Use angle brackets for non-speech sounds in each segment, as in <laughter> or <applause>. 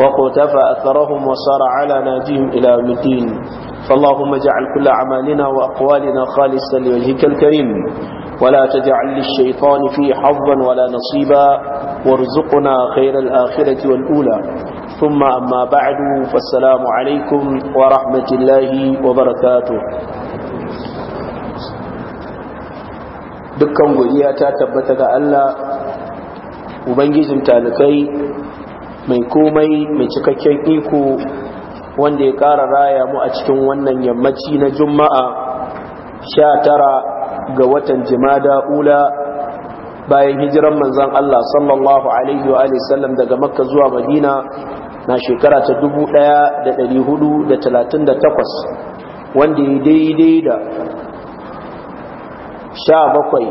وقتفى أثرهم وصار على ناجهم إلى يوم فاللهم اجعل كل أعمالنا وأقوالنا خالصا لوجهك الكريم ولا تجعل للشيطان فيه حظا ولا نصيبا وارزقنا خير الآخرة والأولى ثم أما بعد فالسلام عليكم ورحمة الله وبركاته دكا godiya ta ألا ga Allah ubangijin mai komai mai cikakken iko wanda ya ƙara raya mu a cikin wannan yammaci na juma'a sha tara ga watan jimada ula bayan hijiran manzan Allah sallallahu alaihi wa sallam daga makka zuwa madina na shekara ta takwas wanda ya daidai da sha bakwai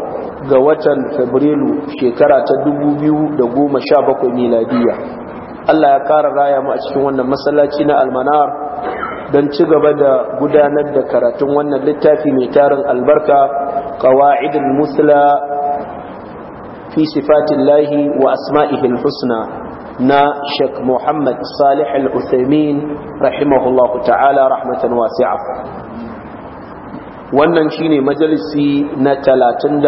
ga watan fabrilu shekara ta da goma sha 2017 miladiya Allah ya ƙara raya mu a cikin wannan masallaci na almanar don ci gaba da gudanar da karatun wannan littafi mai tarin albarka qawa'idul musla fi sifatillahi wa asma'ihil husna na Sheikh Muhammad Salih Al-Uthaymeen rahimahullahu ta'ala rahmatan wasi'a wannan shine majalisi na 34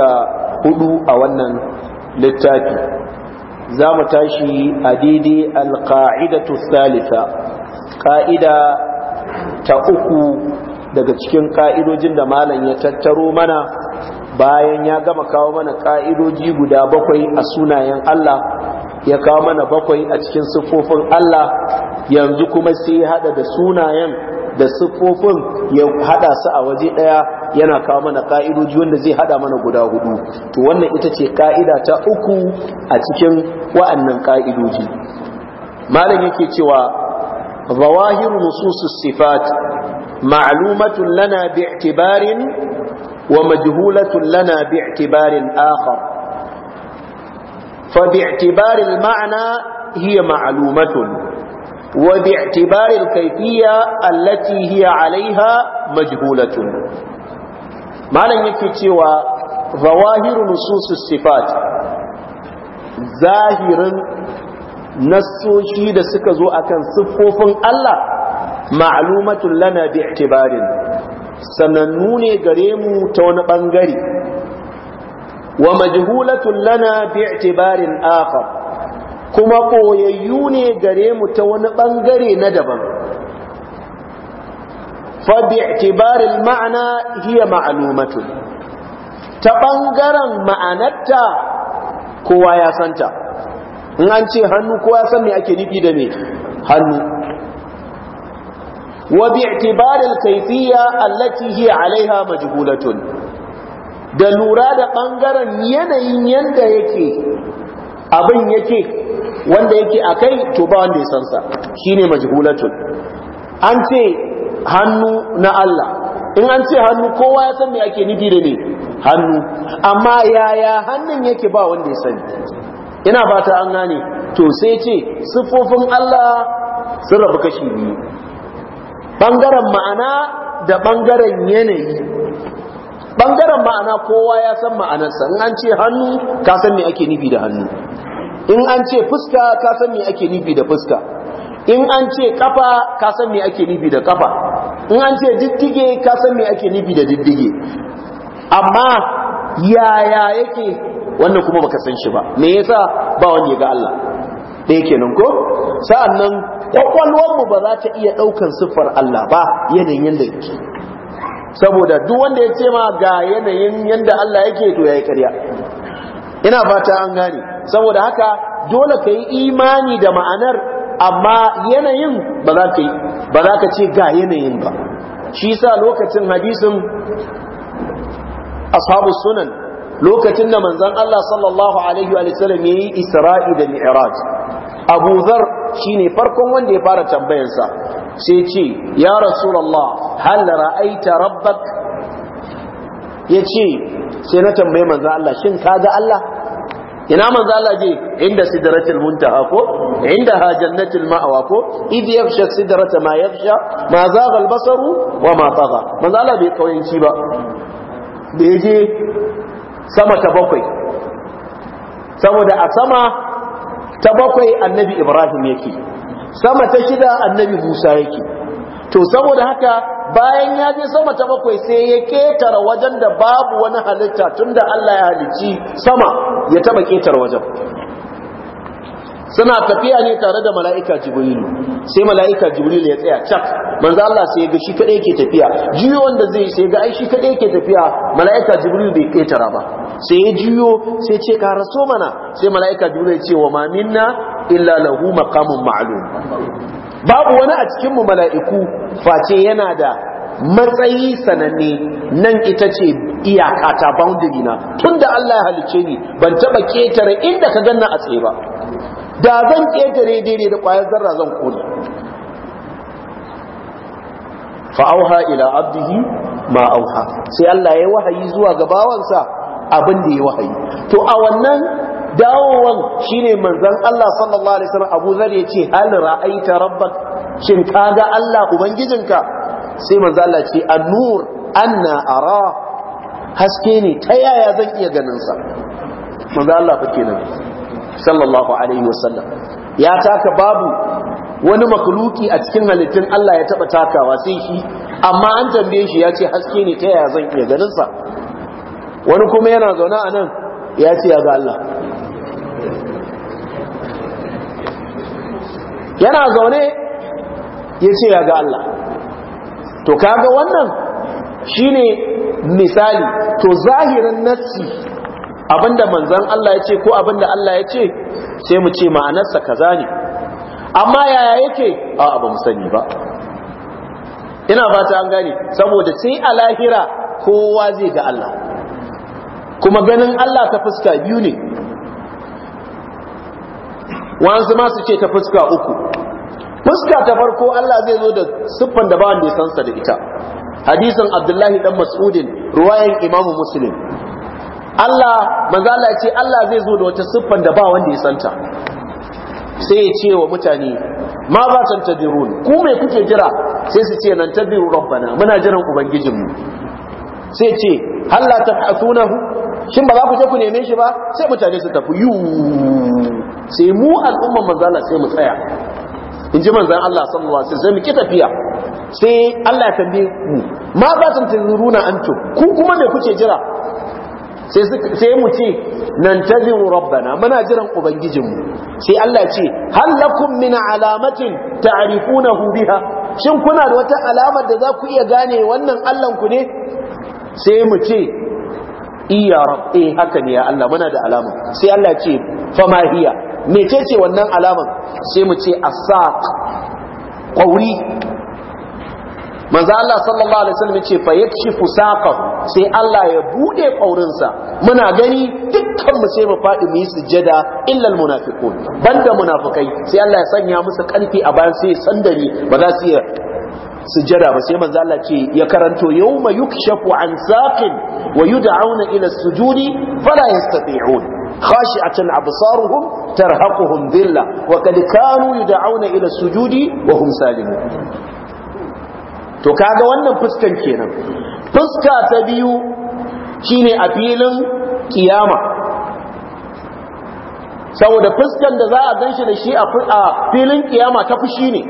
a wannan littafi za mu tashi a daidai ta salisa ƙa'ida ta uku daga cikin ƙa'idojin da malam ya tattaro mana bayan ya gama kawo mana ƙa'idoji guda bakwai a sunayen Allah ya kawo mana bakwai a cikin siffofin Allah yanzu kuma sai ya hada da sunayen da siffofin ya hada su a waje daya. yana kawo mana ka'idoji wanda zai hada mana guda hudu to wannan ita ce ka'ida ta uku a cikin wa'annan ka'idoji malam yake cewa zawahir nusus sifat ma'lumatun lana bi'tibarin wa majhulatun lana bi'tibarin akhar fa al ma'na hiya ma'lumatun wa al-kayfiyya allati hiya 'alayha majhulatun malam yake cewa zawahiru nususus sifat zahirin nassoshi da suka zo akan siffofin Allah ma'lumatul lana bi'tibarin sanannu ne gare mu ta wani bangare wa majhulatun lana bi'tibarin akhar kuma koyayyu ne gare mu ta wani bangare na daban فباعتبار المعنى هي معلومة تبنغرا معنتا كوا يا سانتا in an ce hannu kowa san me ake nufi da me hannu wa bi'tibar al-kayfiyya allati hiya 'alayha majhulatun da lura da ɓangaren yanayin yanda yake abin yake wanda yake akai to ba wanda ya san sa shine majhulatun an ce hannu na Allah in an ce hannu kowa ya san me ake nufi da ne hannu amma yaya hannun yake ba wanda ya sani ina ba ta an gane to sai ce siffofin Allah sun rabu kashi biyu bangaren ma'ana da bangaren yanayi bangaren ma'ana kowa ya san ma'anarsa in an ce hannu ka san me ake nufi da hannu in an ce fuska ka san me ake nufi da fuska in an ce kafa ka san me ake nufi da kafa in an ce diddige ka san me ake nufi da diddige amma yaya yake wannan kuma baka san shi ba me yasa ba wani ga Allah yake nan ko sa'annan kwakwalwar mu ba za ta iya ɗaukan siffar Allah ba yanayin yanda yake saboda duk wanda ya ce ma ga yanayin yanda Allah yake to yayi ƙarya ina fata an gane saboda haka dole ka yi imani da ma'anar amma yanayin ba za ka yi ba za ka ce ga yanayin ba shi sa lokacin hadisin ashabu sunan lokacin da manzon Allah sallallahu alaihi wa sallam yayi Isra'i da Mi'raj Abu shi shine farkon wanda ya fara tambayansa sai ce ya Allah hal ra'aita rabbak ce sai na tambaye manzon Allah shin ka ga Allah ina manzo Allah je inda sidratul muntaha ko inda ha jannatul ma'wa ko id yafsha sidrata ma yafsha ma zagha al-basaru wa ma tagha manzo Allah bai kauyanci ba da je sama ta bakwai saboda a sama ta bakwai annabi Ibrahim yake sama ta shida annabi Musa yake to saboda haka bayan ya je sama ta bakwai sai ya ketara wajen da babu wani halitta tunda Allah ya halicci sama ya taba ketara wajen suna tafiya ne tare da mala'ika jibrilu sai mala'ika jibrilu ya tsaya cak manzo Allah sai ga shi kadai yake tafiya jiyo wanda zai sai ga ai shi kadai tafiya mala'ika jibrilu bai ketara ba sai ya jiyo sai ce ka raso mana sai mala'ika jibrilu ya ce wa maminna minna illa lahu maqamun ma'lum babu wani a cikin mu mala'iku face yana da matsayi sananne nan ita ce iyaka ta boundary na tunda Allah ya halice ni ban taba ketare inda ka ganna a tsaye ba da zan ketare daidai da kwayar zarra zan koli fa auha ila abdihi ma auha sai Allah ya wahayi zuwa gabawansa abin da ya wahayi to a wannan dawowan shine Manzan Allah sallallahu alaihi wasallam Abu Zar ce hal ra'aita rabbak shin kaga Allah ubangijinka sai manzon Allah ce annur anna ara haske ne ta yaya zan iya ganinsa sa manzon Allah fa kenan sallallahu alaihi wasallam ya taka babu wani makuluki a cikin halittun Allah ya taba takawa sai shi amma an tambaye shi ya ce haske ne ta yaya zan iya ganinsa wani kuma yana zaune a nan ya ce ya ga Allah yana zaune ya ce ya ga Allah to kaga wannan shine misali to zahirin nassi abinda manzon Allah ya ce ko abinda Allah ya ce sai mu ce ma'anarsa kaza ne amma yaya yake a bamu mu sani ba ina fata an gane saboda sai a lahira kowa zai ga Allah kuma ganin Allah ta fuska biyu ne wanzu ma su ce ta fuska uku fuska ta farko Allah zai zo da siffan da bawan da ya sansa da ita hadisin Abdullahi dan Mas'udin ruwayan Imam Muslim Allah manzo Allah ce Allah zai zo da wata siffan da ba wanda ya santa sai ya ce wa mutane ma ba ne, ku me kuke jira sai su ce nan tabiru rabbana muna jiran ubangijinmu sai ce halla tabhasunahu shin ba za ku je ku neme shi ba sai mutane su tafi yuu sai mu al'umman manzala sai mu tsaya in ji manzan Allah sallallahu alaihi wasallam ki tafiya sai Allah ya tambaye mu ma ba tun tunzuruna antum ku kuma me kuke jira sai sai mu ce nan tazimu rabbana muna jiran ubangijinmu sai Allah ce hal lakum min alamatin ta'rifunahu biha shin kuna da wata alamar da za ku iya gane wannan Allah ku ne sai mu ce iya rabbi haka ne ya Allah muna da alama sai Allah ce fama hiya mecece wannan alaman sai mu ce asaq qauri manzo Allah sallallahu alaihi wasallam ce fa yakshifu saqah sai Allah ya bude kaurin sa muna gani dukkan mu sai mu fadi mu yi sujjada illa almunafiqun banda munafikai sai Allah ya sanya musu karfi a bayan sai sandari ba za su yi sujjada ba sai manzo Allah ce ya karanto yawma yukshafu an saqin wa yud'auna ila sujudi fala yastati'un khashi'atan absaruhum tarhaquhum dhilla wa kad kanu yud'auna ila sujudi wa hum salimun to kaga wannan fuskan kenan fuska ta biyu shine a filin kiyama saboda fuskan da za a ganshi da shi a filin kiyama ta fushi ne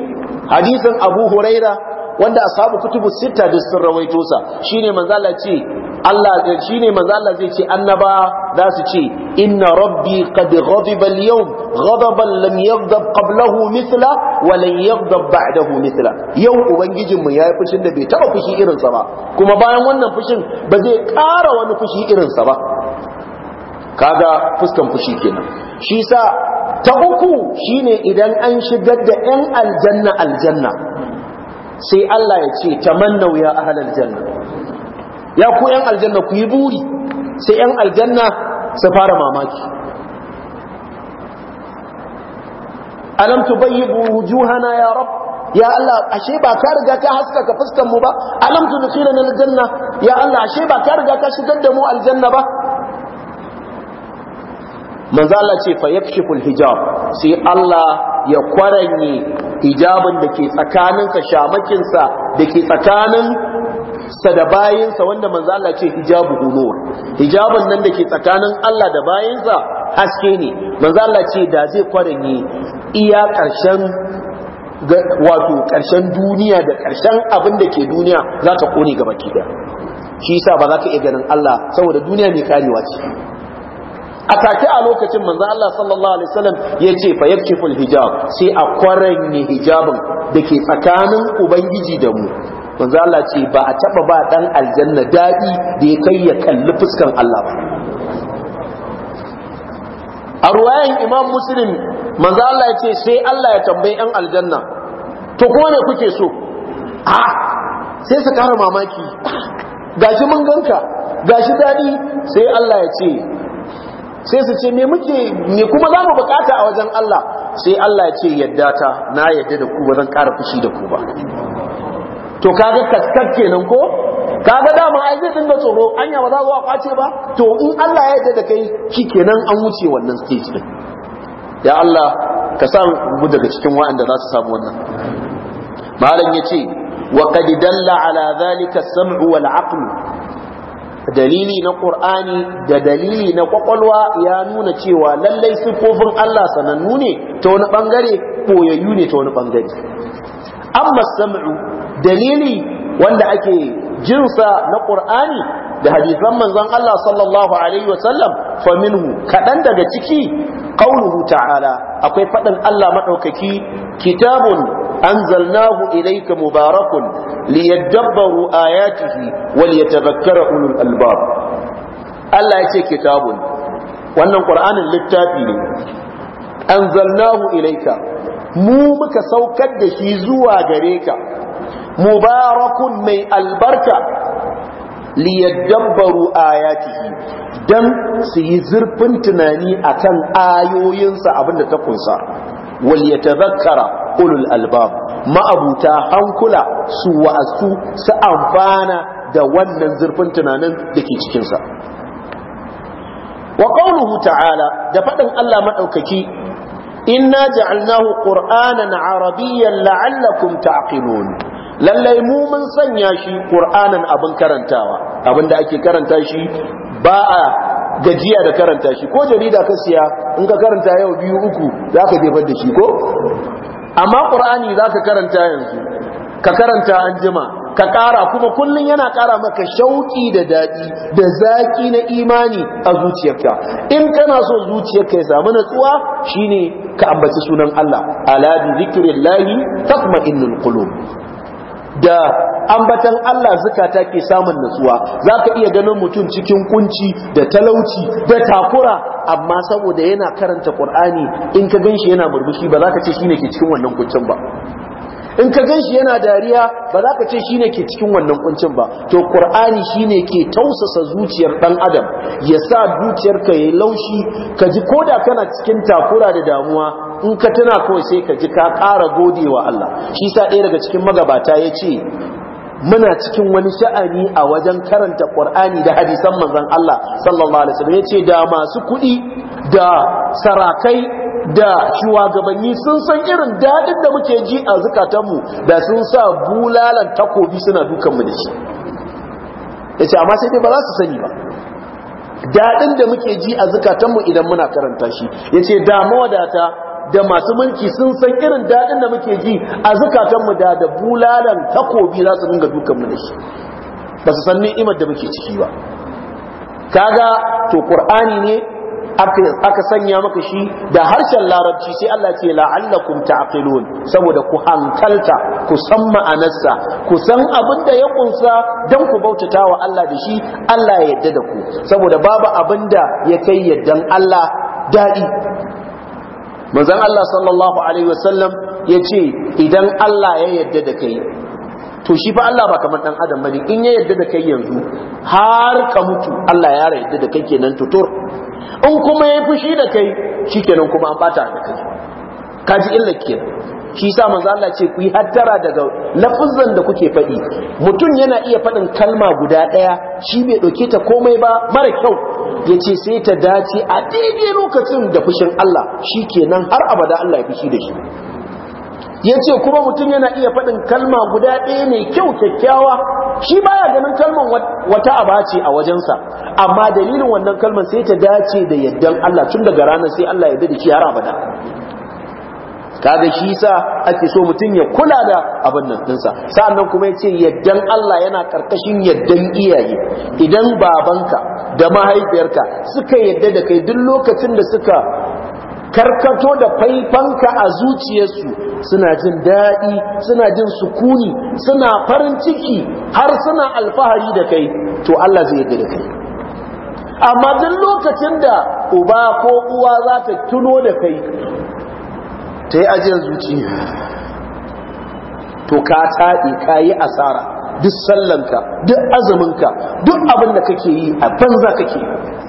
hadisin Abu Huraira wanda ashabu kutubu sita da sun rawaito sa shine manzo Allah ce Allah shine manzo Allah zai ce annaba za su ce inna rabbi qad ghadiba al-yawm ghadaban lam yaghdab qablahu mithla wa lan yaghdab ba'dahu mithla yau ubangijin mu yayi fushin da bai taba fushi irin sa ba kuma bayan wannan fushin ba zai ƙara wani fushi irin sa ba kaga fuskan fushi kenan shi sa ta uku shine idan an shigar da 'yan aljanna aljanna sai Allah ya ce tamannau ya ahlal janna ya ku yan aljanna ku yi buri sai yan aljanna su fara mamaki alam tubayyibu wujuhana ya rabb ya Allah ashe ba ka riga ka haskaka fuskan mu ba alam tudkhilana aljanna ya Allah ashe ba ka riga ka shigar da mu aljanna ba manzo Allah ce fa yakshiful hijab sai Allah ya kwaranye hijabin da ke tsakaninsa shamakinsa da ke tsakanin sa da bayinsa wanda manzo Allah ce hijabu hunuwa hijabin nan da ke tsakanin Allah da bayinsa haske ne manzo Allah ce da zai kwaranye iya ƙarshen wato ƙarshen duniya da ƙarshen abin da ke duniya za ta kone gaba ki da shi yasa ba za ka iya ganin Allah saboda duniya mai karewa ce a take a lokacin manzo Allah sallallahu alaihi wasallam yace fa yakshiful hijab sai a kwaranye hijabin dake tsakanin ubangiji da mu manzo Allah ce ba a taba ba dan aljanna dadi da ya kai ya kalli fuskan Allah ba a ruwayan imam muslim manzo Allah yace ce sai Allah ya tambayi yan aljanna to ko ne kuke so a ah, sai su kara mamaki <laughs> gashi mun ganka gashi dadi sai Allah ya ce sai su ce me muke me kuma za mu bukata a wajen Allah sai Allah ya ce yadda ta na yadda da ku ba zan ƙara fushi da ku ba to kaga kaskar kenan ko kaga dama ai zai dinga tsoro anya ba za a kwace ba to in Allah ya yadda da kai kenan an wuce wannan stage din ya Allah ka sa mu daga cikin waɗanda za su samu wannan malam yace wa qad dalla ala dhalika as-sam'u wal 'aqlu dalili na ƙur'ani da dalili na ƙwaƙwalwa ya nuna cewa lallai siffofin Allah sanannu ne ta wani bangare koyayyu ne ta wani bangare amma sam'u dalili wanda ake jinsa na ƙur'ani da hadisan manzon Allah sallallahu alaihi wasallam fa kadan daga ciki ƙaunuhu ta'ala akwai faɗin Allah maɗaukaki kitabun anzalnahu ilaika mubarakun liyadabbaru ayatihi wal yatadhakkara ulul albab Allah ya ce kitabun wannan Qur'anin littafi ne anzalnahu ilayka mu muka saukar da shi zuwa gare ka mubarakun mai albarka liyadabbaru ayatihi dan su yi zurfin tunani akan ayoyinsa abinda ta kunsa wal yatadhakkara ulul albab ma'abuta hankula su wa'azu su amfana da wannan zurfin tunanin da ke cikinsa wa qawluhu ta'ala da faɗin Allah maɗaukaki inna ja'alnahu qur'anan arabiyyan la'allakum ta'qilun lallai mu mun sanya shi qur'anan abin karantawa Abin da ake karanta shi ba a gajiya da karanta shi ko jarida ka siya in ka karanta yau biyu uku za ka jefar da shi ko amma qur'ani zaka karanta yanzu ka karanta anjima ka ƙara kuma kullum yana ƙara maka shauƙi da daɗi da zaƙi na imani a zuciyarka in kana so zuciyarka ya samu natsuwa shine ka ambaci sunan Allah ala bi zikrillahi tatma'innul qulub da ambatan Allah zukata ke samun nutsuwa zaka iya ganin mutum cikin kunci da talauci da takura amma saboda yana karanta Qur'ani in ka ganshi yana murmushi ba zaka ce shine ke cikin wannan kuncin ba in ka ganshi yana dariya ba za ka ce shine ke cikin wannan kuncin ba to qur'ani shine ke tausasa zuciyar ɗan adam ya sa zuciyarka yayi laushi ka ji koda kana cikin takura da damuwa in ka tana kawai sai ka ji ka ƙara godewa Allah shi sa ɗaya daga cikin magabata ya ce muna cikin wani sha'ani a wajen karanta ƙwar'ani da hadisan manzon Allah sallallahu alaihi wasallam yace da masu kuɗi da sarakai da shugabanni sun san irin daɗin da muke ji a zukatanmu da sun sa bulalan takobi suna dukan mu da shi yace amma sai dai ba za su sani ba Daɗin da muke ji a zukatanmu idan muna karanta shi yace da mawadata da masu mulki sun san irin daɗin da muke ji a zukatanmu da da bulalan takobi za su dinga dukanmu da shi ba su san ni'imar da muke ciki ba kaga to qur'ani ne aka sanya maka shi da harshen larabci sai Allah ce la'allakum ta'qilun saboda ku hankalta ku san ma'anarsa ku san abin da ya kunsa dan ku bautata wa Allah da shi Allah ya yarda da ku saboda babu abin da ya kai yaddan Allah dadi manzon Allah sallallahu alaihi wasallam ya ce idan Allah ya yarda da kai to shi fa Allah ba kamar ɗan adam bane in ya yarda da kai yanzu har ka mutu Allah ya yarda da kai kenan tutur in kuma ya fushi da kai shikenan kuma an bata da kai kaji illa kenan shi sa manzo Allah ce ku yi hattara daga lafazan da kuke faɗi mutum yana iya faɗin kalma guda ɗaya shi bai ɗauke ta komai ba mara kyau ya ce sai ta dace a daidai lokacin da fushin Allah shi kenan har abada Allah ya fushi da shi ya ce kuma mutum yana iya faɗin kalma guda ɗaya mai kyau kyakkyawa shi baya ganin kalman wata abace ce a wajensa amma dalilin wannan kalman sai ta dace da yaddan Allah tun daga ranar sai Allah ya bi shi har abada kaga shi sa ake so mutum ya kula da abin nan dinsa sa'annan kuma ya ce yaddan Allah yana karkashin yaddan iyaye idan babanka da mahaifiyarka suka yadda da kai duk lokacin da suka karkato da faifanka a zuciyarsu suna jin daɗi suna jin sukuni suna farin ciki har suna alfahari da kai to Allah zai yadda da kai amma duk lokacin da uba ko uwa za ta tuno da kai ta yi ajiyar zuci to ka taɗi ka yi asara duk sallanka duk azaminka duk abin da kake yi a banza kake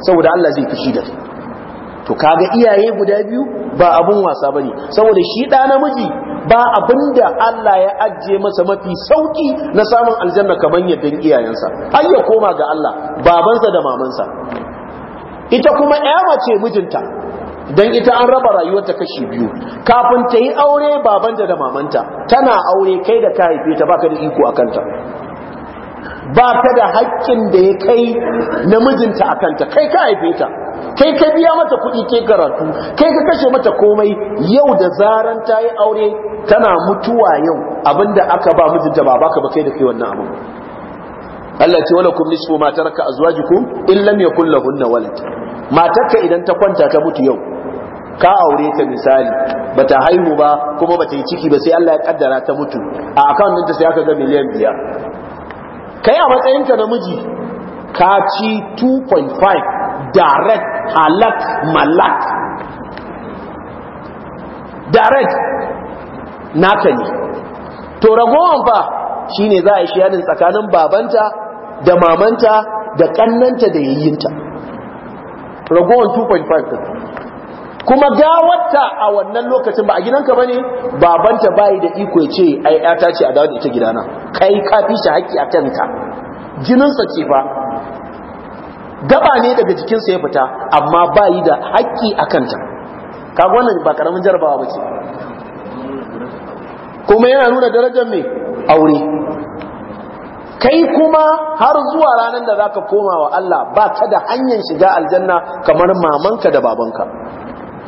saboda Allah zai fushi da to kaga iyaye guda biyu ba abin wasa ba ne, saboda shi ɗa namiji ba abinda Allah ya ajiye masa mafi sauki na samun aljanna kamar yadda iyayensa har ya koma ga Allah babansa da mamansa ita kuma ya mace mijinta dan ita an raba rayuwarta kashi biyu kafin ta yi aure baban da mamanta tana aure kai da ka haife ta baka da iko a kanta ba ka da haƙƙin da ya kai namijinta a kanta kai ka haife ta kai ka biya mata kuɗi ke karatu kai ka kashe mata komai yau da zaran ta yi aure tana mutuwa yau abinda aka ba mijinta ba baka ba kai da kai wannan abin Allah ce wala kum nisfu ma taraka azwajukum in yakul lahunna walad matarka idan ta kwanta ta mutu yau ka aure ta misali bata haihu ba kuma bata yi ciki ba sai Allah ya kaddara ta mutu a account ɗinta sai aka ga miliyan biyar kai a matsayinka namiji ka ci 2.5 direct halak malak direct naka ne to ragowan fa ne za a yi shiyanin tsakanin babanta da mamanta da kannanta da yayyinta ragowar 2.5 kuma gawarta a wannan lokacin ba a gidanka bane babanta bayi da iko ya ce ai yata ce a dawo da ita gidana kai ka fi shi haƙƙi a jinin sa ce fa gaba ne daga jikinsa ya fita amma bayi da haƙƙi a kanta kaga wannan ba karamin jarabawa ba ce kuma yana nuna darajar mai aure kai kuma har zuwa ranar da zaka koma wa Allah ba ka da hanyar shiga aljanna kamar mamanka da babanka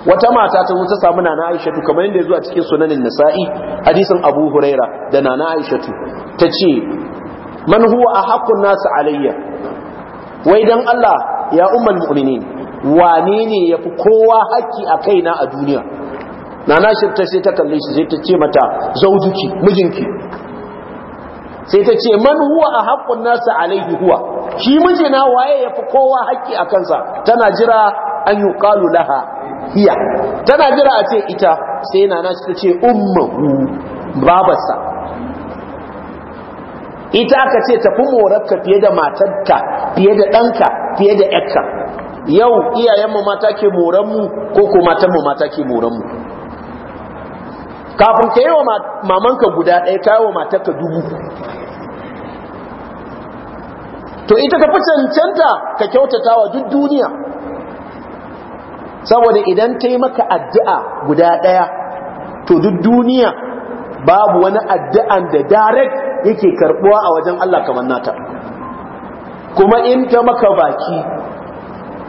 wata mata ta wuce samu nana aishatu kamar yadda ya zo a cikin sunanin nasa'i hadisin abu huraira da nana aishatu ta ce man huwa a haƙƙun nasu alayya wai dan allah ya umar mu'minin wane ne ya fi kowa haƙƙi a kaina a duniya nana shirta sai ta kalle shi sai ta ce mata zaujuki mijinki sai ta ce man huwa a haƙƙun nasu alayhi huwa shi mijina waye ya fi kowa haƙƙi a kansa tana jira an yi laha hiya tana jira a ce ita sai nasu ta ce umaru babarsa ita aka ce tafi morarka fiye da matarka fiye da ɗanka fiye da ƴakka yau iyayenmu mata ke moranmu ko ko matanmu mata ke moranmu kafin ka yi wa mamanka guda ɗaya ka yi wa matarka dubu to ita ka fi cancanta ka kyautata wa duk duniya saboda idan ta yi maka addu'a guda ɗaya to duk duniya babu wani addu'an da darek yake karɓuwa a wajen Allah kamar nata kuma in ta maka baki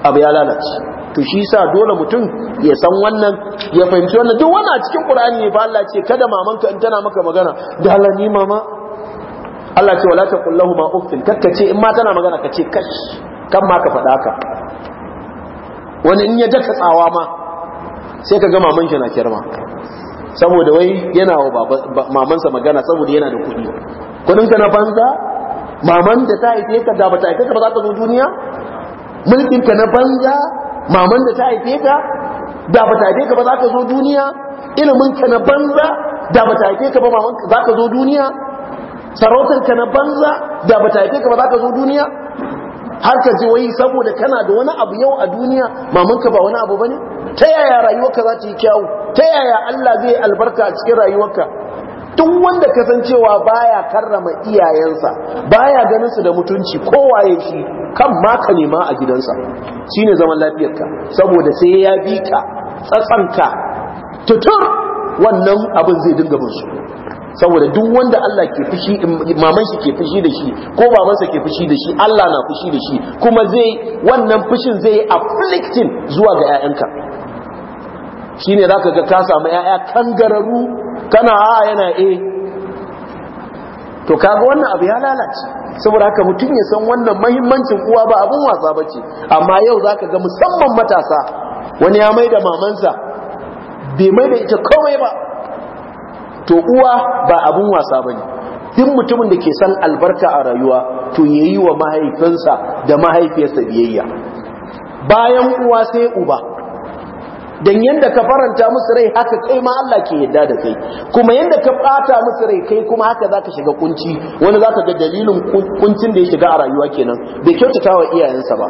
abu ya lalace to shi sa dole mutum ya san wannan ya fahimci wannan duk wannan a cikin ƙura'ani ne ba Allah ce kada mamanka in tana maka magana da Allah ni mama Allah ce wala taqul lahum ma uffin kakkace in ma tana magana ka ce kash kan ma ka faɗa ka wani in ya daka tsawa ma sai ka ga maman na kirma saboda wai yana wa mamansa magana saboda yana da kuɗi Kudin ka na banza maman da ta haife ka da bata haife ka ba za ka zo duniya mulkin ka na banza maman da ta haife ka da bata haife ka ba za ka zo duniya ilimin ka na banza da bata haife ka ba maman za ka zo duniya sarautar ka na banza da bata haife ka ba za ka zo duniya har ka ji wai saboda kana da wani abu yau a duniya mamanka ba wani abu bane ta yaya rayuwarka za ta yi kyau? ta yaya Allah zai albarka a cikin rayuwarka duk wanda kasancewa baya karrama iyayensa baya ganin su da mutunci kowaye shi kan ma ka nema a gidansa shine zaman lafiyarka saboda sai ya bi ka tsatsanka tutur wannan abin zai dinga bin saboda duk wanda Allah ke fushi maman shi ke fushi da shi ko babansa ke fushi da shi Allah na fushi da shi kuma zai wannan fushin zai afflicting zuwa ga 'ya'yanka shine zaka ga ka samu 'ya'ya kangararu kana a yana eh to kaga wannan abu ya lalace saboda haka mutum ya san wannan mahimmancin uwa ba abun wasa bace amma yau zaka ga musamman matasa wani ya maida mamansa bai maida ita komai ba to uwa ba abun wasa ba ne duk mutumin da ke san albarka a rayuwa to ya yi wa mahaifinsa da mahaifiyarsa biyayya bayan uwa sai uba don yadda ka faranta musu rai haka kai ma Allah ke yadda da kai kuma yadda ka bata musu rai kai kuma haka zaka shiga kunci wani zaka ga dalilin kuncin da ya shiga a rayuwa kenan bai kyautata wa iyayensa ba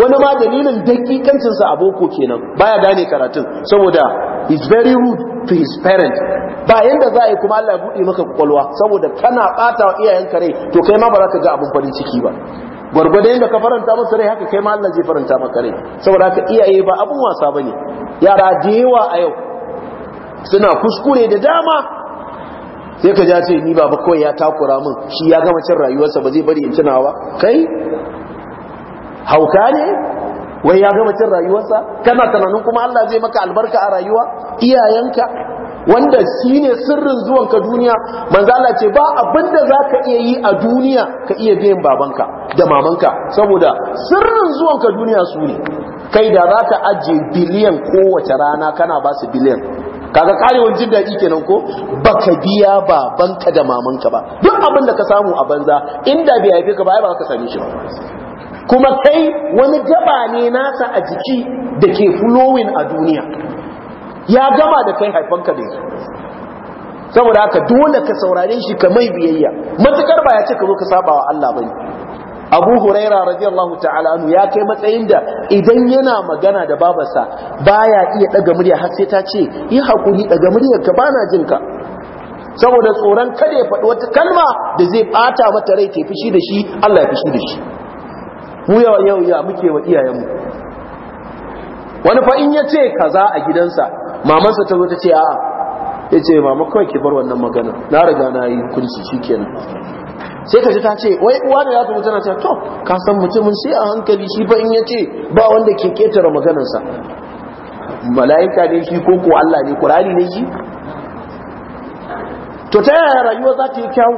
wani ma dalilin dakikancinsa a boko kenan baya gane karatun saboda is very rude to his parent ba yanda za a yi kuma Allah ya buɗe maka kwakwalwa saboda kana ɓata wa iyayenka rai to kai ma ba za ka ga abun farin ciki ba gwargwado yadda ka faranta masa rai haka kai ma Allah zai faranta maka rai saboda haka iyaye ba abun wasa bane yara da yawa a yau suna kuskure da dama sai ka ja ce ni baba kawai ya takura min shi ya gama cin rayuwarsa ba zai bari in tunawa kai hauka ne wai ya gama cin rayuwarsa kana tunanin kuma Allah zai maka albarka a rayuwa iyayenka wanda shine sirrin zuwan ka duniya manzo Allah ce ba abinda da zaka iya yi a duniya ka iya biyan babanka da mamanka saboda sirrin zuwan ka duniya su ne kai da zaka ajiye biliyan kowace rana kana ba su biliyan kaga karewan jin daɗi kenan ko baka biya babanka da mamanka ba duk abin da ka samu a banza inda bai haife ka ba ai ba ka same shi ba kuma kai wani gaba ne nasa a jiki da ke flowing a duniya ya gama da kai haifanka da yanzu saboda haka dole ka saurare shi ka mai biyayya matukar ba ya ce ka zo ka saba wa Allah bane abu huraira radiyallahu ta'ala anhu ya kai matsayin da idan yana magana da babarsa baya iya daga murya har sai ta ce yi hakuri daga muryar ka bana jin ka saboda tsoron kada ya faɗi wata kalma da zai bata mata rai ke fishi da shi Allah ya fishi da shi mu yawa yau ya muke wa iyayenmu wani fa in yace kaza a gidansa mamansa ta zo ta ce a'a ya mama kawai ki bar wannan magana na riga na yi hukunci shikenan sai ka ji ta ce wai uwa da ya ta mutana ta to ka san mutumin sai a hankali shi ba in ya ce ba wanda ke ketare maganarsa mala'ika ne shi ko ko Allah ne kurani ne shi to ta yaya rayuwa za ta yi kyau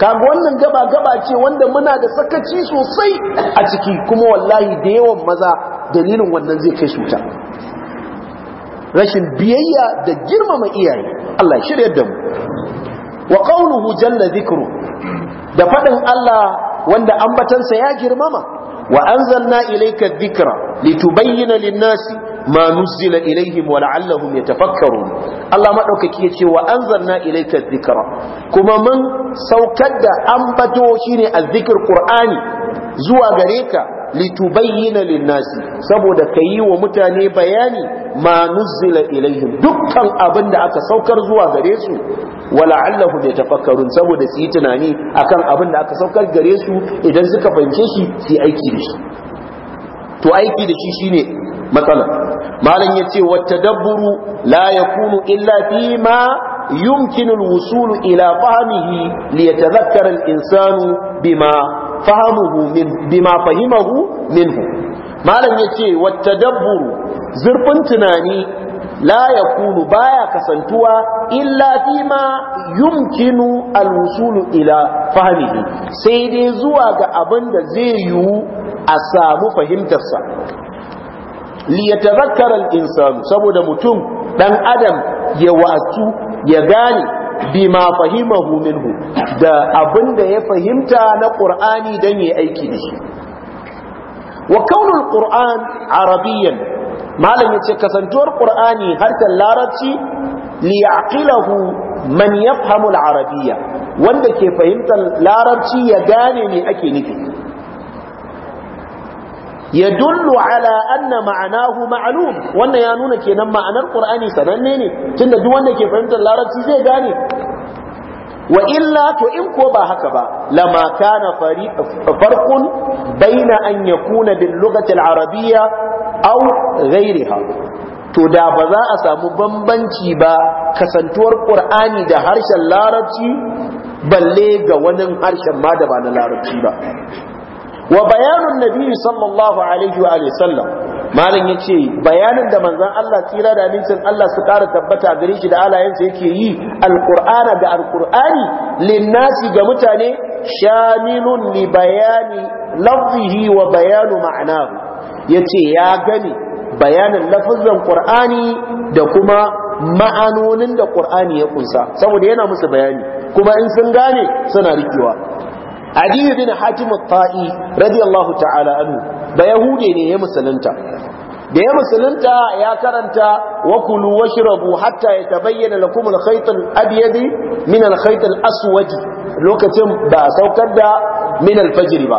kaga wannan gaba gaba ce wanda muna da sakaci sosai a ciki kuma wallahi da yawan maza dalilin wannan zai kai su rashin biyayya da girmama iyaye Allah shirya da mu wa qawluhu jalla dhikru da faɗin Allah wanda ambatansa ya girmama wa anzalna ilayka dhikra litubayyana lin-nasi ma nuzila ilaihim wa la'allahum yatafakkarun Allah madaukaki yace wa anzalna ilayka dhikra kuma mun saukar da ambato shine azzikr qur'ani zuwa gare ka litubayyana linnasi saboda kayi wa mutane bayani ma nuzila ilaihim dukkan abin da aka saukar zuwa gare su wala bai tafakkarun saboda su yi tunani akan abin da aka saukar gare su idan suka fahimce shi su aiki da shi to aiki da shi shine matsala malam ya ce wa dabburu la yakunu illa fi ma يمكن الوصول إلى فهمه ليتذكر الإنسان bima Fahimuhu min bima fahimahu minhu malam yace wattadabburu zurfin tunani la yakunu baya kasantuwa illa fima yumkinu alwusulu ila fahmihi sai dai zuwa ga abin da zai yiwu a samu fahimtarsa liyatadhakkara al-insanu saboda mutum dan adam ya wasu ya gane bima fahimahu minhu da abin da ya fahimta na ƙur'ani dan yayi aiki da shi wa kaunul arabiyyan malam yace kasantuwar ƙur'ani harshen larabci li man yafhamu al-arabiyya wanda ke fahimtar larabci ya gane me ake nufi yadullu ala anna ma'anahu ma'lum wannan ya nuna kenan ma'anar qur'ani sananne ne tunda duk wanda ke fahimtar larabci zai gane wa illa to in ko ba haka ba lama kana farqun baina an yakuna bil lughati al arabiyya aw ghayriha to da ba za a samu bambanci ba kasantuwar qur'ani da harshen larabci balle ga wani harshen ma da ba na larabci ba wa bayanun nabi sallallahu alaihi wa sallam malam yace bayanin da manzon Allah tira da abincin Allah su Kara tabbata gare shi da alayensa yake yi alqur'ana da alqur'ani linnasi ga mutane shamilun li bayani lafzihi wa bayanu ma'nahu yace ya gani bayanin lafzin qur'ani da kuma ma'anonin da qur'ani ya kunsa saboda yana musu bayani kuma in sun gane suna rikewa adi bin hatim tai radiyallahu ta'ala anhu da yahude ne ya musulunta da ya musulunta ya karanta wa kulu washrabu hatta ya lakum al-khayt al-abyad min al-khayt al-aswad lokacin ba saukar da min al-fajr ba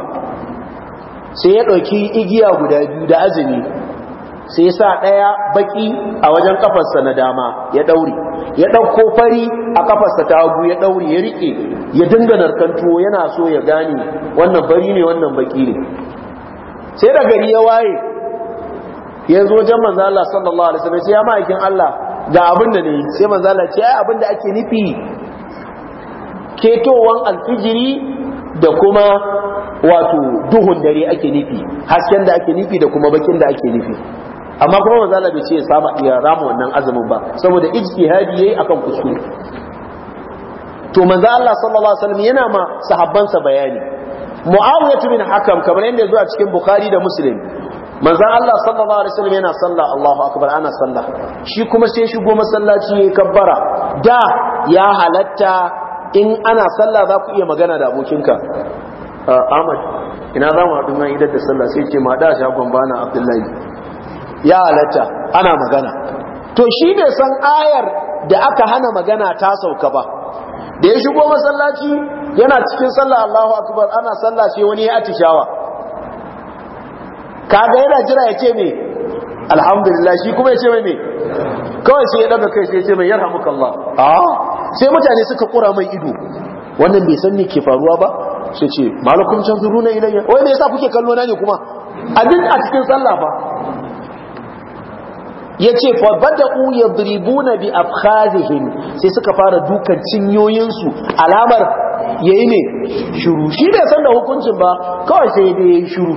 sai ya dauki igiya guda biyu da azumi sai ya sa ɗaya baki a wajen kafarsa na dama ya ɗauri ya ɗauko fari a kafarsa ta hagu ya ɗauri ya riƙe ya dinga narkantu yana so ya gane wannan fari ne wannan baki ne sai da gari ya waye ya zo wajen Manzala Allah sallallahu alaihi wasallam sai ya ma'aikin Allah ga abin da ne sai Manzala Allah ce abin da ake nufi ketowar alfijiri da kuma wato duhun dare ake nufi hasken da ake nufi da kuma bakin da ake nufi amma kuma manzo Allah bai ce ya saba ya rama wannan azumin ba saboda ijtihadi yayi akan kuskure to manzo Allah sallallahu alaihi wasallam yana ma sahabbansa bayani Muawiyah bin Hakam kamar yadda zuwa cikin Bukhari da Muslim manzo Allah sallallahu alaihi wasallam yana sallah Allahu akbar ana sallah shi kuma sai shigo masallaci yayi kabbara da ya halatta in ana sallah za ku iya magana da abokinka uh, Ahmad ina za mu haɗu nan idan da sallah sai ce ma da shagon bana Abdullahi ya halatta ana magana to shi bai san ayar da aka hana magana ta sauka ba da ya shigo masallaci yana cikin sallah Allahu akbar ana sallah sai wani ya atishawa kaga yana jira ya ce me alhamdulillah shi kuma ya ce mai me kawai sai ya daga kai sai ya ce mai yarhamukallah ah sai mutane suka kura mai ido wannan bai san me ke faruwa ba sai ce malakum tanzuruna ilayya wai me yasa kuke kallo na ne kuma abin a cikin sallah ba Ya yace fa dribu na bi afkhazihim sai suka fara dukan cinyoyinsu alamar yayi ne shiru shi bai san da hukuncin ba kawai sai dai yayi shiru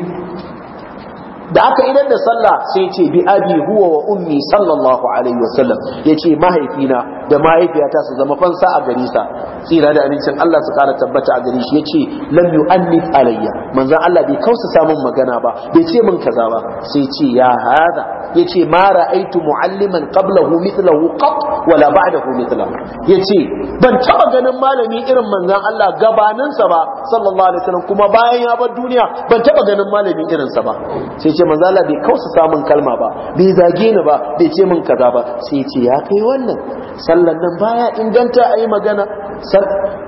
da aka idan da sallah sai ce bi abi huwa wa ummi sallallahu alaihi wasallam yace mahaifina da mahaifiyata su zama fansa a gari sa tsira da amincin Allah su kara tabbata a gari shi yace lam yu'annif alayya manzon Allah bai kausa samun magana ba bai ce min kaza ba sai ce ya hada yace ma ra'aitu mu'alliman qablahu mithlahu qat wala ba'dahu mithlahu yace ban taba ganin malami irin manzon Allah gabaninsa ba sallallahu alaihi wasallam kuma bayan ya bar duniya ban taba ganin malami irinsa ba sai ce ce manzo bai kausa samun kalma ba bai zage ni ba bai ce min kaza ba sai ce ya kai wannan sallan nan baya inganta ayi magana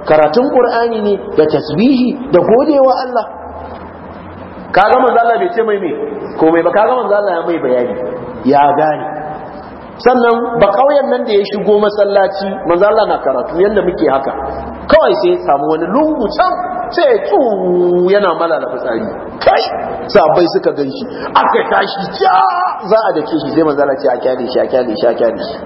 karatun qur'ani ne da tasbihi da godewa Allah kaga manzo Allah bai ce mai me komai ba kaga manzo Allah ya mai bayani ya gane sannan ba kauyen nan da ya shigo masallaci manzo na karatu yanda muke haka kawai sai ya samu wani lungu can sai ya tsu yana malala fitsari kai sabai suka gan shi aka tashi ja za a dake shi sai manzala ce a kyale shi a kyale shi a kyale shi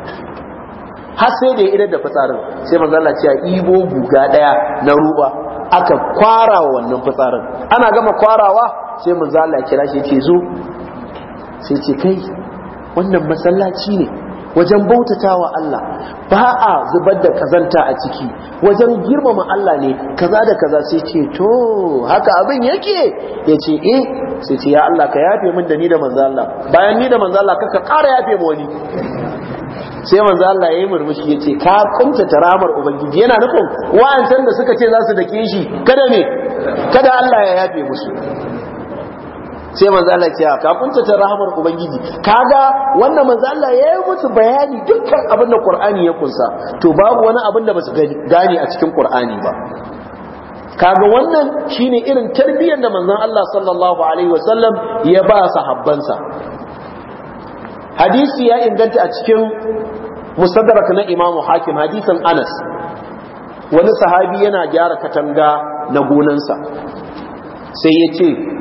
har sai da ya idar da fitsarin sai manzala ce a ibo guga daya na ruba aka kwara wannan fitsarin ana gama kwarawa sai manzala kira shi ya ce zo sai ce kai wannan masallaci ne wajen bautata wa Allah ba a zubar da kazanta a ciki wajen girmama Allah ne kaza da kaza sai ce to haka abin yake ya ce eh sai ce ya Allah ka yafe min da ni da manzo Allah bayan ni da manzo Allah ka ƙara yafe mu wani sai manzo Allah yi murmushi ya ce, ka kunta taramar ubangiji yana nufin wa'ancan da suka ce za su dake shi kada ne kada Allah ya yafe musu sai manzo Allah ce ka ta rahamar ubangiji kaga wannan manzo Allah ya yi musu bayani dukkan abin da Qur'ani ya kunsa to babu wani abin da basu gane a cikin Qur'ani ba kaga wannan shine irin tarbiyyar da manzo Allah sallallahu alaihi wasallam ya ba sahabbansa hadisi ya inganta a cikin musaddarak na Imam Hakim hadisan Anas wani sahabi yana gyara katanga na gonansa sai ya ce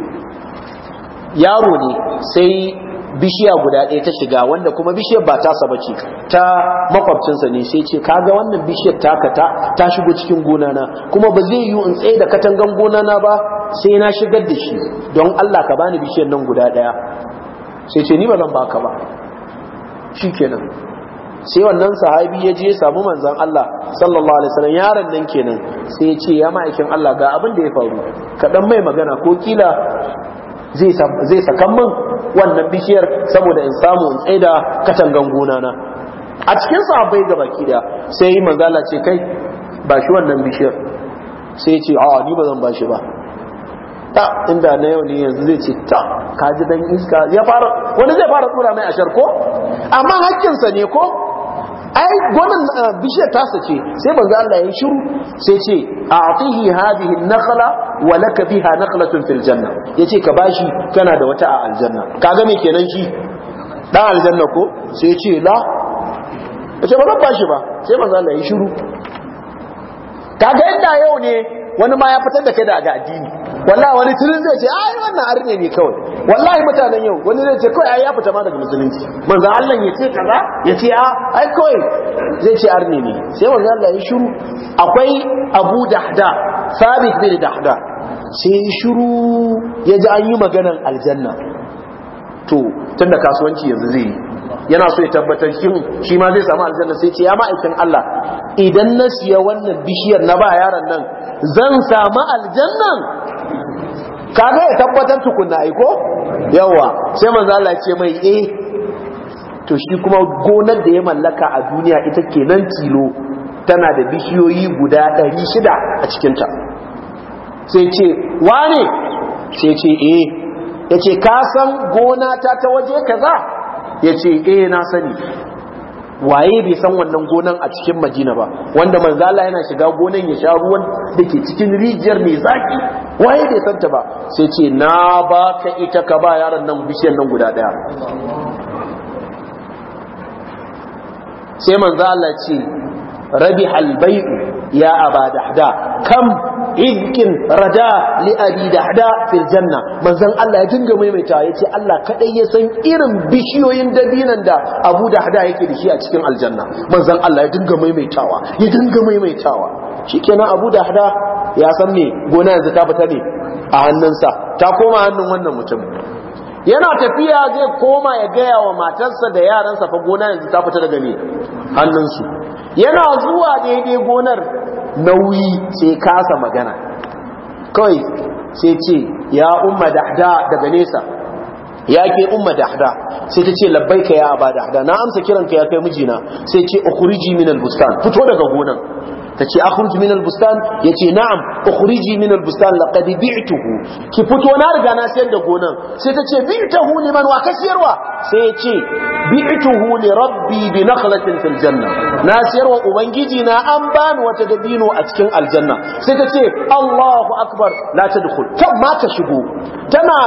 yaro ne sai bishiya guda ɗaya ta shiga wanda kuma bishiyar ba ta saba ce ta makwabcinsa ne sai ce kaga wannan bishiyar ta ta ta shigo cikin gonana kuma ba zai yi in tsaye da katangan gonana ba sai na shigar da shi don Allah ka bani bishiyar nan guda ɗaya sai ce ni ba zan baka ba shi kenan. sai wannan sahabi ya je samu manzon Allah sallallahu alaihi wasallam yaron nan kenan sai ya ce ya ma'aikin Allah ga abin da ya faru ka dan mai magana ko kila zai sakan min wannan bishiyar saboda in samu in tsaida katangan gona na a cikin sahabbai ga baki da sai yi manzala ce kai ba shi wannan bishiyar sai ce a ni ba zan ba shi ba ta inda na yau ne yanzu zai ce ta kaji dan iska ya fara wani zai fara tura mai ashar ko amma hakkinsa ne ko ai gonan eh, bishiyar ta sace sai manzo Allah ya yi shiru sai ce a'tihi hadhihi an-nakhla wa lak biha nakhlatun fil janna yace ka bashi kana da wata a aljanna kaga me kenan shi dan aljanna ko sai ce la sai ba zan bashi ba sai manzo Allah ya yi shiru kaga inda yau ne wani ma ya fitar da kai daga addini wallahi wani tirin zai ce ai wannan arne ne kawai wallahi mutanen yau wani zai ce kawai ai ya fita ma daga musulunci manzo Allah ya ce kaza ya ce a ah, ai kawai zai ce arne ne sai manzo Allah ya shiru akwai Abu Dahda Sabit bin Dahda sai ya shiru ya ji an yi maganar aljanna to tunda kasuwanci yanzu zai yi yana so ya tabbatar shi shi ma zai samu aljanna sai ce ya ma'aikin Allah idan na siya wannan bishiyar na ba yaron nan zan samu aljannan Ka kaga ya tabbatar tukunna ai ko yawa sai manzo Allah ce mai eh to shi kuma gonar da ya mallaka a duniya ita kenan tilo tana da bishiyoyi guda 600 a cikinta. ta sai ce wane sai ce eh yace ka san gona ta ta waje kaza yace eh na sani waye bai san wannan gonan a cikin madina ba wanda manzo Allah yana shiga gonan ya sha ruwan da ke cikin rijiyar mai zaki waye bai san ta ba sai ce na baka ita ka ba yaron nan bishiyar nan guda daya sai manzo Allah ce rabi halbai'u ya abada abadahda kam izkin rada li abi dahda fil janna manzon Allah ya dinga maimaita yace Allah kadai ya san irin bishiyoyin dabinan da Abu Dahda yake da shi a cikin aljanna manzon Allah ya dinga maimaitawa ya dinga maimaitawa shikenan Abu Dahda ya san me gona yanzu ta fita ne a hannunsa ta koma hannun wannan mutum yana tafiya zai koma ya gaya wa matarsa da yaransa fa gona yanzu ta fita daga ne hannunsu yana zuwa daidai gonar nauyi sai kasa magana kawai sai ce ya umma dahda daga nesa ya ke umma dahda sai ta ce ka ya ba dahda na amsa kiranka ya kai mijina sai ce ukhriji min albustan fito daga gonan tace akhruj min albustan yace na'am ukhriji min albustan laqad bi'tuhu ki fito na riga na sayar da gonan sai tace bi'tuhu liman wa kasiyarwa sai yace bi'tuhu li rabbi bi nakhlatin fil janna na sayarwa ubangiji na an bani wata dabino a cikin aljanna sai tace Allahu akbar la tadkhul kan ma ta shigo tana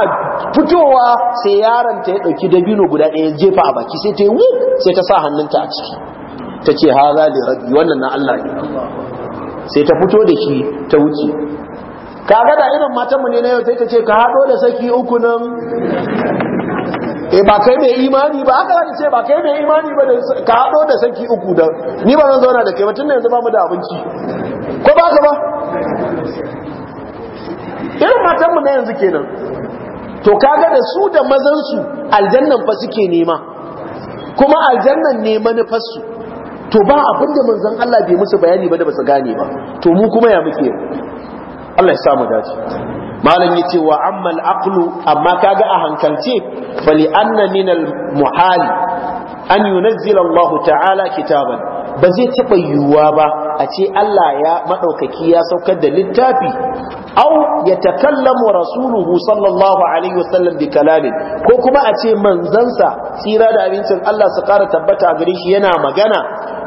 fitowa sai yaron ta ya ɗauki dabino guda ɗaya jefa a baki sai ta yi sai ta sa hannunta a ciki ta ce haza li rabbi wannan na Allah ne sai ta fito da shi ta wuce ka da irin matanmu ne na yau sai ta ce ka haɗo da saki uku nan e ba kai mai imani ba haka zai ce ba kai mai imani ba da ka haɗo da saki uku da ni ba zan zauna da kai ba tun yanzu ba mu da abinci ko ba ka ba irin matanmu na yanzu kenan to ka da su da mazansu aljannan fa suke nema kuma aljannan ne manufarsu to ba abin da manzon Allah bai musu bayani ba da basu gane ba to mu kuma ya muke Allah ya sa mu dace malam yace wa ammal aqlu amma kaga a hankalce fali anna min al muhal an yunazzila Allah ta'ala kitaban ba zai taɓa yiwuwa ba a ce Allah ya maɗaukaki ya saukar da littafi au ya takallamu rasuluhu sallallahu alaihi wasallam bi kalamin ko kuma a ce manzansa tsira da abincin Allah su ƙara tabbata a gare shi yana magana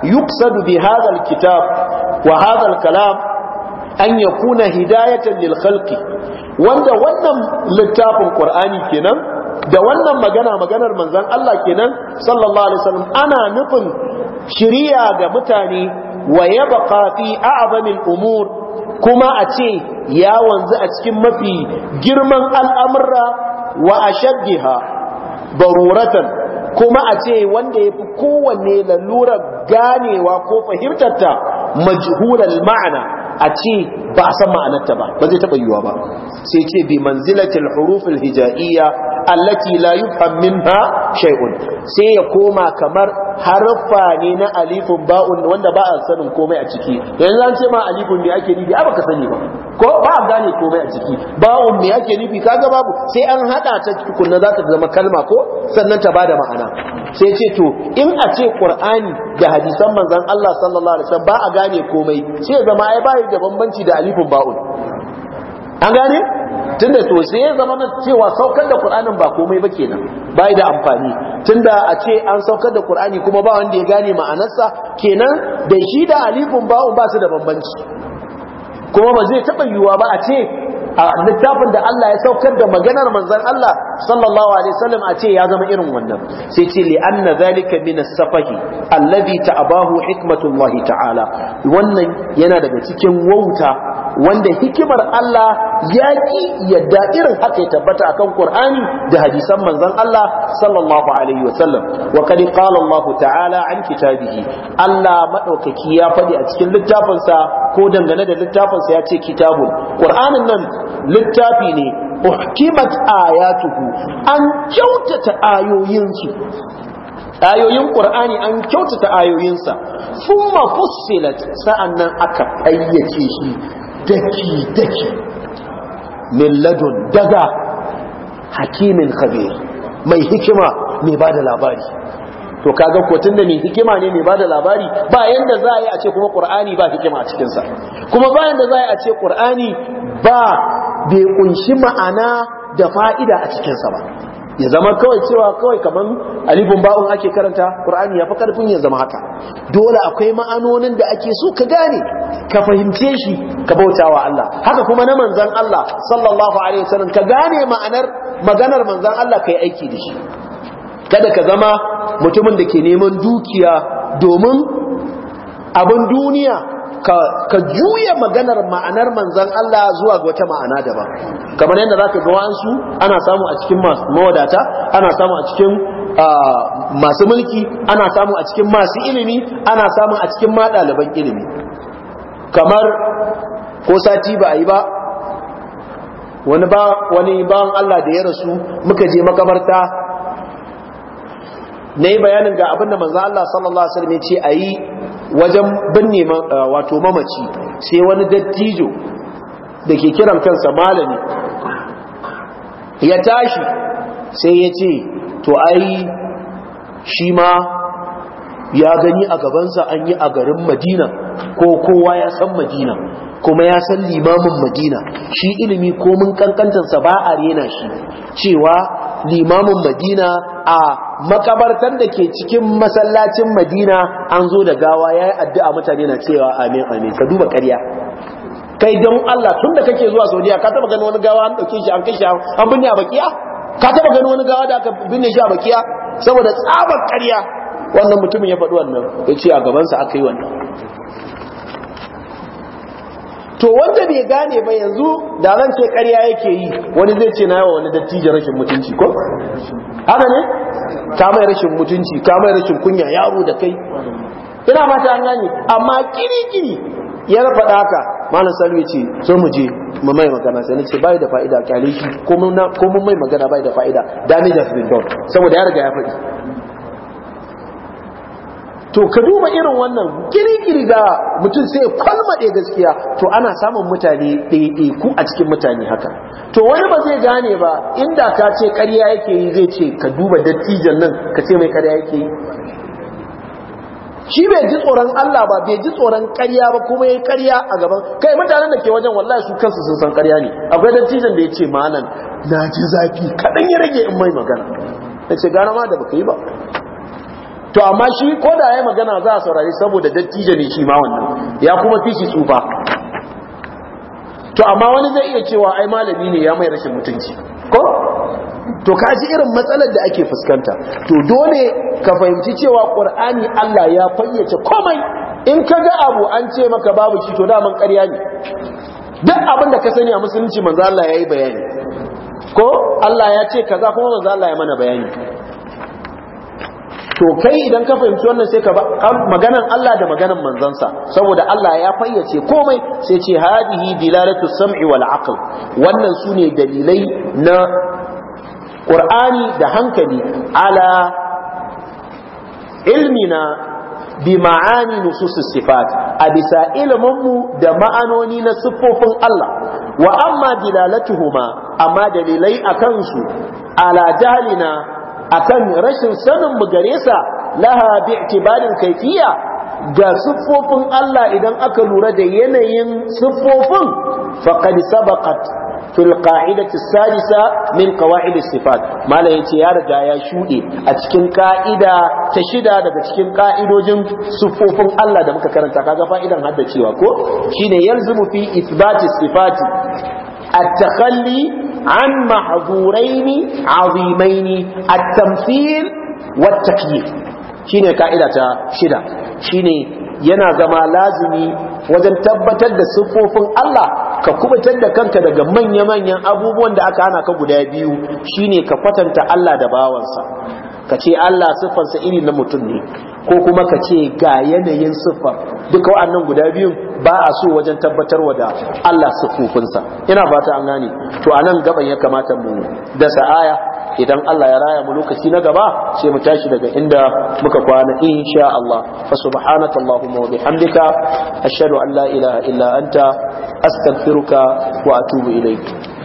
yuksadu bi hadha kitab wa hadha kalam an yakuna hidayatan lil khalqi wanda wannan littafin Qur'ani kenan da wannan magana maganar manzan Allah kenan sallallahu alaihi wasallam ana nufin shiriya ga mutane wa yabqa fi a'zamil umur kuma a ce ya wanzu a cikin mafi girman al'amura wa ashaddiha daruratan kuma a ce wanda yafi kowanne lalurar ganewa ko fahimtarta majhulal ma'ana a ce ba a san ma'anarta ba ba zai taɓa yiwuwa ba sai ce bi manzilatil hurufil hija'iyya allati la yufham minha shay'un sai ya koma kamar harfa ne na alifun ba'un wanda ba a sanin komai a ciki yanzu an ce ma alifun ne ake nufi a baka sani ba ko ba a gane komai a ciki ba'un ne ake nufi kaga babu sai an hada ta tukunna za ta zama kalma ko sannan ta bada ma'ana sai ce to in a ce qur'ani da hadisan manzon Allah sallallahu alaihi wasallam ba a gane komai sai zama ai ba da bambanci da alifun ba'un an gane tunda to sai ya zama na cewa saukar da Qur'anin ba komai ba kenan bai da amfani tunda a ce an saukar da Qur'ani kuma ba wanda ya gane ma'anarsa kenan da shi da alifun ba'u ba su da bambanci kuma ba zai taɓa yiwuwa ba a ce a littafin da Allah ya saukar da maganar manzon Allah sallallahu alaihi wasallam a ce ya zama irin wannan sai ce li anna zalika min as-safahi alladhi ta'abahu hikmatullahi ta'ala wannan yana daga cikin wauta wanda hikimar Allah ya ki yadda irin haka ya tabbata a kan Kur'ani da hadisan manzan Allah sallallahu alaihi wasallam wa kadi qala Allah ta'ala an kitabihi Allah maɗaukaki ya faɗi a cikin littafinsa ko dangane da littafinsa ya ce kitabun Qur'anin nan littafi ne uhkimat ayatuhu an kyautata ayoyinsu ayoyin ƙur'ani an kyautata ayoyinsa sun mafussilat sa'an nan aka fayyace shi daki daki min ladun daga hakimin khabir mai hikima mai bada labari to kaga ko tunda mai hikima ne mai bada labari ba yanda za a yi a ce kuma qur'ani ba hikima a cikin kuma ba yanda za a yi a ce qur'ani ba bai kunshi ma'ana da fa'ida a cikinsa ba ya zama kawai cewa kawai kamar alifun ba'un ake karanta ƙur'ani ya fi karfin ya zama haka dole akwai ma'anonin da ake so ka gane ka fahimce shi ka bautawa Allah haka kuma na manzan Allah sallallahu alaihi wasallam ka gane ma'anar maganar manzan Allah ka yi aiki da shi kada ka zama mutumin da ke neman dukiya domin abin duniya ka juya maganar ma'anar manzan Allah zuwa ga wata ma'ana daban kamar yadda zaka ga wa'ansu, ana samu a cikin masu mawadata ana samu a cikin masu mulki ana samu a cikin masu ilimi ana samu a cikin ma ɗaliban ilimi kamar ko sati ba a yi ba wani ba wani bawan Allah da ya rasu muka je makabarta na yi bayanin ga abin da manzan Allah sallallahu alaihi wasallam ya ce a yi wajen binne eh, wato mamaci sai wani dattijo da ke kiran kansa malami ya tashi sai ya ce to ai shi ma ya gani a gabansa an yi a garin madina ko kowa ya san madina kuma ya san limamin madina shi ilimi komin kankantarsa ba a rena shi cewa limamin madina a makabartar da ke cikin masallacin madina an zo da gawa ya yi addu'a mutane na cewa amin amin ka duba karya kai don allah tun da kake zuwa saudiya ka taba gani wani gawa an ɗauke shi an kai shi an binne a bakiya ka taba gani wani gawa da aka binne shi a bakiya saboda tsabar karya wannan mutumin ya faɗi wannan ya ce a gabansa aka yi wannan to wanda bai gane ba yanzu da zan ce ƙarya yake yi wani zai ce na yawa wani dattijo rashin mutunci ko haka ne ka mai rashin mutunci ka mai rashin kunya yaro da kai ina mata an gane amma kirikiri ya faɗa haka malam salwe ce so mu je mu mai magana sai nace bai da fa'ida kyale shi ko mun mai magana bai da fa'ida damage has been done saboda ya riga ya faɗi to ka duba irin wannan girgiri da mutum sai kwalmaɗe gaskiya to ana samun mutane ɗaiɗai ku a cikin mutane haka to wani ba zai gane ba inda ka ce ƙarya yake yi zai ce ka duba dattijan nan ka ce mai ƙarya yake yi shi bai ji tsoron Allah ba bai ji tsoron karya ba kuma yayi karya a gaban kai mutanen da ke wajen wallahi su kansu sun san ƙarya ne akwai dattijan da yace nan na ji zafi kadan ya rage in mai magana nace gara ma da baka yi ba to amma shi ko da ya magana za a saurari saboda dattijo ne shi ma wannan ya kuma fi tsufa to amma wani zai iya cewa ai malami ne ya mai rashin mutunci ko to ka irin matsalar da ake fuskanta to dole ka fahimci cewa qur'ani Allah ya fayyace komai in ka ga abu an ce maka babu shi to da daman ƙarya ne duk abin da ka sani a musulunci manzo Allah ya yi bayani ko Allah ya ce kaza kuma manzo Allah ya mana bayani to kai idan ka fahimci wannan sai ka ba maganan Allah da maganan manzansa saboda Allah ya fayyace komai sai ce hadihi dilalatu sam'i wal aql wannan sune dalilai na Qur'ani da hankali ala ilmina bi ma'ani nususus sifat a bisa iliminmu da ma'anoni na siffofin Allah wa amma dilalatuhuma amma dalilai akan su ala jahlina akan rashin sanin mu gare sa laha bi kaifiya ga siffofin Allah idan aka lura da yanayin siffofin faqad sabaqat fil qa'idati sadisa min qawaid sifat mala yace ya riga ya shude a cikin ka'ida ta shida daga cikin ka'idojin siffofin Allah da muka karanta kaga fa'idan cewa, ko shine yalzumu fi ithbati sifati at-takhalli an محظورين عظيمين التمثيل tamthil wa at-takyif shine ka'ida ta shida shine yana zama lazimi wajen tabbatar da siffofin Allah ka kubutar da kanka daga manya-manyan abubuwan da aka hana ka guda biyu shine ka kwatanta Allah da bawansa ka ce Allah siffarsa iri na mutum ne ko kuma ka ce ga yanayin siffa duka wa'annan guda biyun ba a so wajen tabbatarwa da Allah siffofinsa ina fata an gane to anan gaban ya kamata mu dasa aya idan Allah ya raya mu lokaci na gaba sai mu tashi daga inda muka kwana insha Allah fa subhanaka allahumma wa bihamdika ashhadu an la ilaha illa anta astaghfiruka wa atubu ilayk